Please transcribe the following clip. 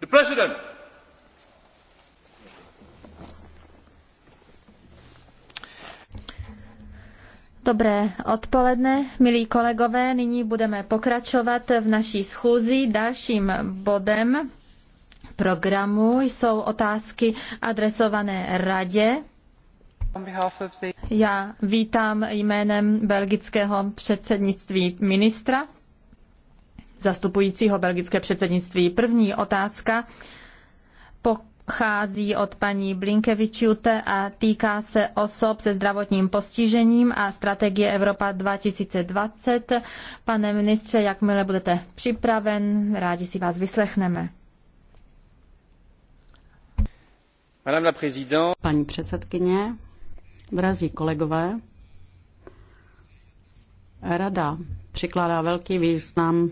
The President. Dobré odpoledne, milí kolegové. Nyní budeme pokračovat v naší schůzi. Dalším bodem programu jsou otázky adresované radě. Já vítám jménem belgického předsednictví ministra zastupujícího belgické předsednictví. První otázka pochází od paní Blinkevičiute a týká se osob se zdravotním postižením a strategie Evropa 2020. Pane ministře, jakmile budete připraven, rádi si vás vyslechneme. Paní předsedkyně, drazí kolegové, Rada přikládá velký význam